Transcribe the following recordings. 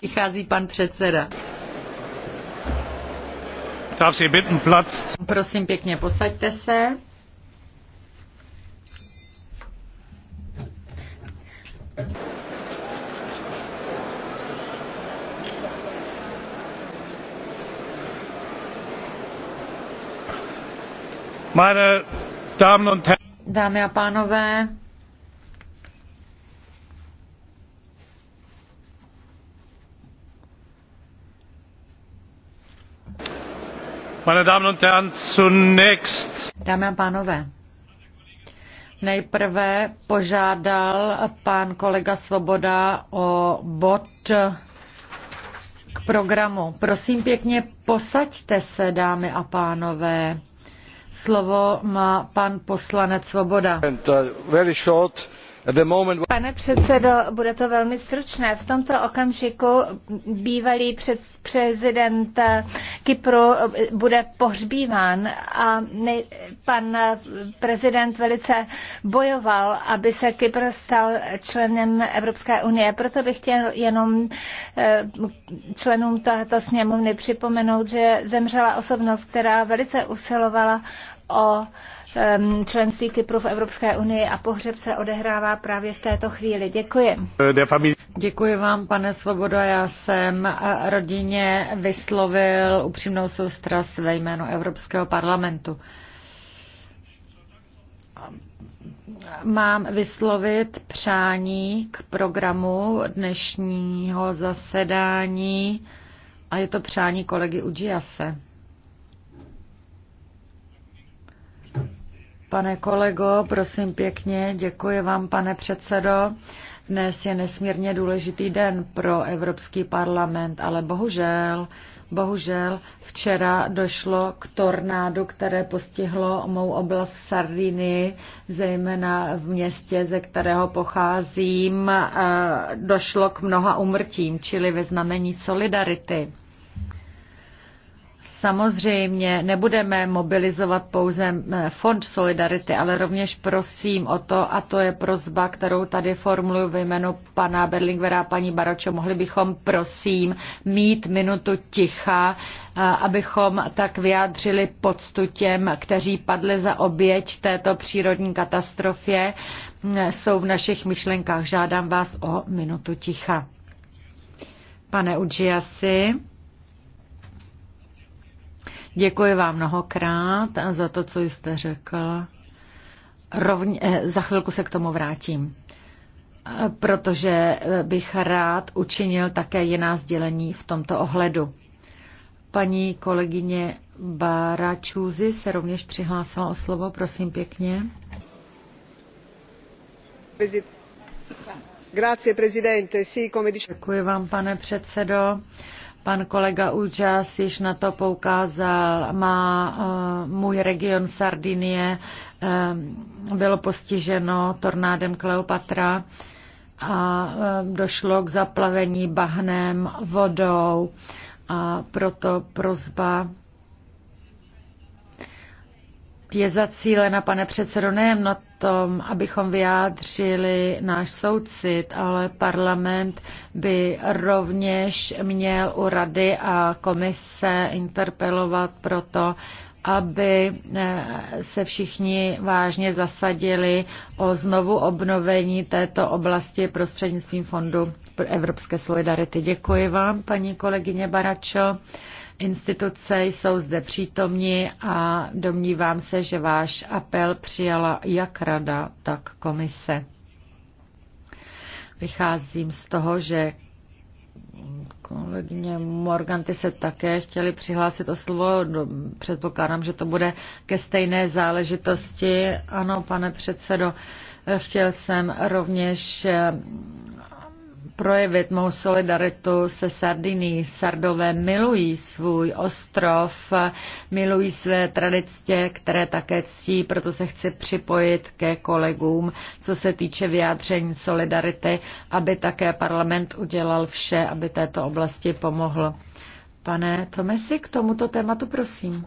Přichází pan předseda. Darf Sie bitten, Platz. Prosím pěkně, posaďte se. Meine Damen und Herren. Dámy a pánové, Meine Damen und Herren, zunächst. Dámy a pánové, nejprve požádal pan kolega Svoboda o bod k programu. Prosím pěkně, posaďte se, dámy a pánové. Slovo má pan poslanec Svoboda. very short. Pane předsedo, bude to velmi stručné. V tomto okamžiku bývalý před, prezident Kypru bude pohřbíván a my, pan prezident velice bojoval, aby se Kypr stal členem Evropské unie. Proto bych chtěl jenom eh, členům této sněmovny připomenout, že zemřela osobnost, která velice usilovala o členství Kypru v Evropské unii a pohřeb se odehrává právě v této chvíli. Děkuji. Děkuji vám, pane Svoboda. Já jsem eh, rodině vyslovil upřímnou soustrast ve jménu Evropského parlamentu. Mám vyslovit přání k programu dnešního zasedání a je to přání kolegy Udžiase. Pane kolego, prosím pěkně, děkuji vám, pane předsedo. Dnes je nesmírně důležitý den pro Evropský parlament, ale bohužel, bohužel včera došlo k tornádu, které postihlo mou oblast v Sardinii, zejména v městě, ze kterého pocházím, eh, došlo k mnoha umrtím, čili ve znamení solidarity. Samozřejmě nebudeme mobilizovat pouze Fond Solidarity, ale rovněž prosím o to, a to je prozba, kterou tady formuluji ve jménu pana Berlingvera a paní Baročo, mohli bychom prosím mít minutu ticha, abychom tak vyjádřili poctu těm, kteří padli za oběť této přírodní katastrofě, jsou v našich myšlenkách. Žádám vás o minutu ticha. Pane Udžiasi. Děkuji vám mnohokrát za to, co jste řekl. Rovně, eh, za chvilku se k tomu vrátím, eh, protože eh, bych rád učinil také jiná sdělení v tomto ohledu. Paní kolegyně Bára se rovněž přihlásila o slovo, prosím pěkně. Děkuji vám, pane předsedo. Pan kolega Ulčas již na to poukázal. Má uh, můj region Sardinie uh, bylo postiženo tornádem Kleopatra a uh, došlo k zaplavení bahnem, vodou a proto prozba je zacílena, pane předsedo, nejen na tom, abychom vyjádřili náš soucit, ale parlament by rovněž měl u rady a komise interpelovat proto, aby eh, se všichni vážně zasadili o znovu obnovení této oblasti prostřednictvím Fondu Evropské solidarity. Děkuji vám, paní kolegyně Baračo instituce jsou zde přítomni a domnívám se, že váš apel přijala jak rada, tak komise. Vycházím z toho, že kolegyně Morganty se také chtěli přihlásit o slovo. Předpokládám, že to bude ke stejné záležitosti. Ano, pane předsedo, chtěl jsem rovněž projevit mou solidaritu se Sardiní. Sardové milují svůj ostrov, milují své tradice, které také ctí, proto se chci připojit ke kolegům, co se týče vyjádření solidarity, aby také parlament udělal vše, aby této oblasti pomohl. Pane Tomesi, k tomuto tématu prosím.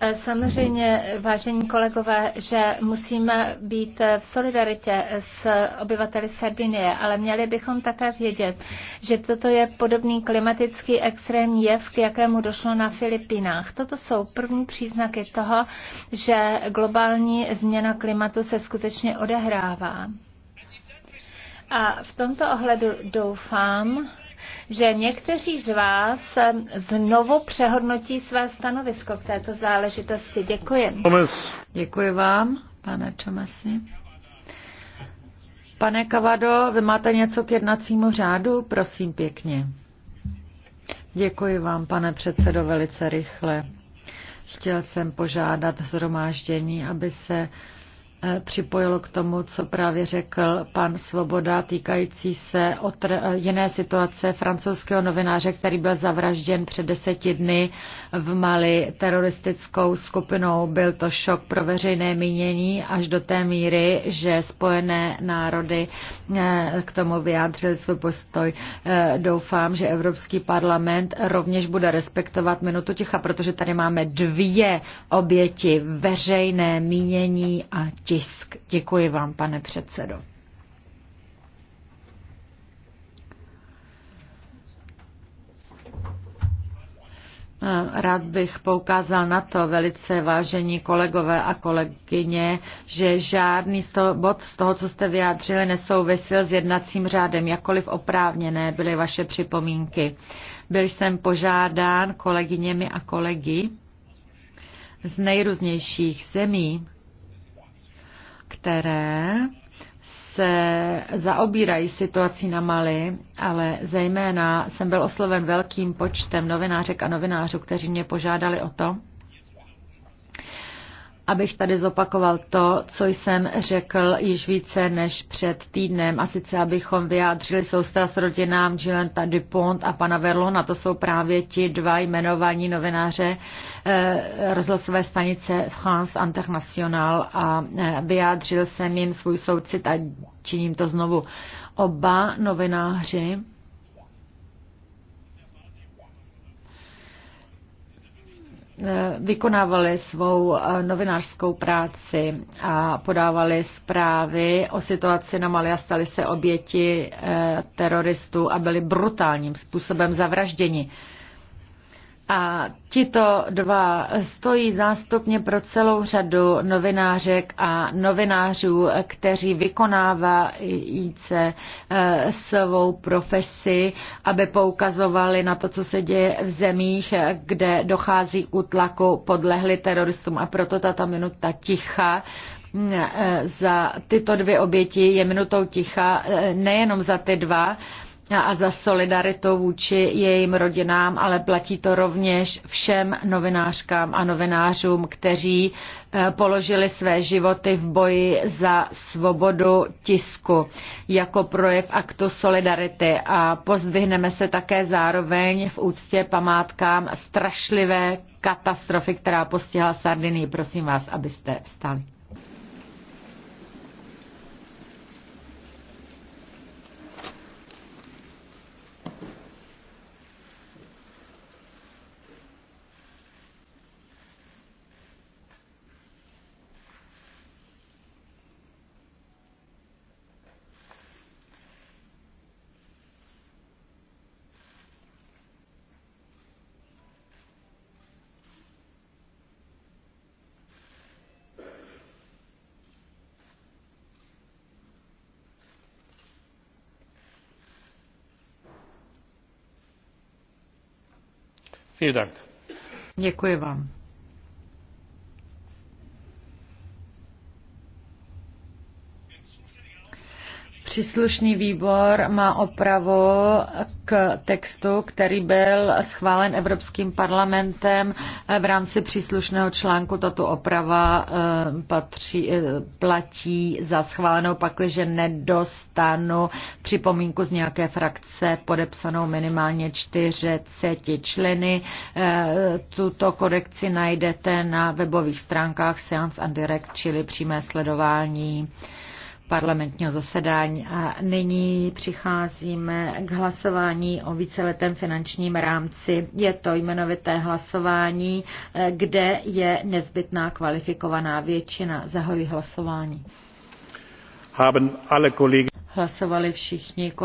Eh, samozřejmě, vážení kolegové, že musíme být eh, v solidaritě s obyvateli Sardinie, ale měli bychom také vědět, že toto je podobný klimatický extrémní jev, k jakému došlo na Filipínách. Toto jsou první příznaky toho, že globální změna klimatu se skutečně odehrává. A v tomto ohledu doufám, že někteří z vás eh, znovu přehodnotí své stanovisko k této záležitosti. Děkuji. Děkuji vám, pane Čomasi. Pane Kavado, vy máte něco k jednacímu řádu? Prosím pěkně. Děkuji vám, pane předsedo, velice rychle. Chtěl jsem požádat zhromáždění, aby se Eh, připojilo k tomu, co právě řekl pan Svoboda týkající se otr- eh, jiné situace francouzského novináře, který byl zavražděn před deseti dny v Mali teroristickou skupinou. Byl to šok pro veřejné mínění až do té míry, že Spojené národy eh, k tomu vyjádřili svůj postoj. Doufám, že Evropský parlament rovněž bude respektovat minutu ticha, protože tady máme dvě oběti veřejné mínění a ticha tisk. Děkuji vám, pane předsedo. Rád bych poukázal na to, velice vážení kolegové a kolegyně, že žádný z toho, bod z toho, co jste vyjádřili, nesouvisil s jednacím řádem, jakkoliv oprávněné byly vaše připomínky. Byl jsem požádán kolegyněmi a kolegy z nejrůznějších zemí, které se zaobírají situací na Mali, ale zejména jsem byl osloven velkým počtem novinářek a novinářů, kteří mě požádali o to, abych tady zopakoval to, co jsem řekl již více než před týdnem, a sice abychom vyjádřili soustrast rodinám Gilenta Dupont a pana Verlona, to jsou právě ti dva jmenovaní novináře eh, rozhlasové stanice France International a eh, vyjádřil jsem jim svůj soucit a činím to znovu. Oba novináři Eh, vykonávali svou eh, novinářskou práci a podávali zprávy o situaci na Mali a stali se oběti eh, teroristů a byli brutálním způsobem zavražděni. A tito dva stojí zástupně pro celou řadu novinářek a novinářů, kteří vykonávají se eh, svou profesi, aby poukazovali na to, co se děje v zemích, kde dochází k útlaku, podlehli teroristům. A proto tato minuta ticha eh, za tyto dvě oběti je minutou ticha eh, nejenom za ty dva, a za solidaritu vůči jejím rodinám, ale platí to rovněž všem novinářkám a novinářům, kteří eh, položili své životy v boji za svobodu tisku jako projev aktu solidarity a pozdvihneme se také zároveň v úctě památkám strašlivé katastrofy, která postihla Sardinii. Prosím vás, abyste vstali. Děkuji vám. Příslušný výbor má opravu k textu, který byl schválen Evropským parlamentem v rámci příslušného článku. Tato oprava eh, patří, eh, platí za schválenou, pakliže nedostanu připomínku z nějaké frakce podepsanou minimálně 40 členy. Eh, tuto korekci najdete na webových stránkách Seance and Direct, čili přímé sledování parlamentního zasedání. A nyní přicházíme k hlasování o víceletém finančním rámci. Je to jmenovité hlasování, eh, kde je nezbytná kvalifikovaná většina. Zahojí hlasování. Haben alle Hlasovali všichni kolegové.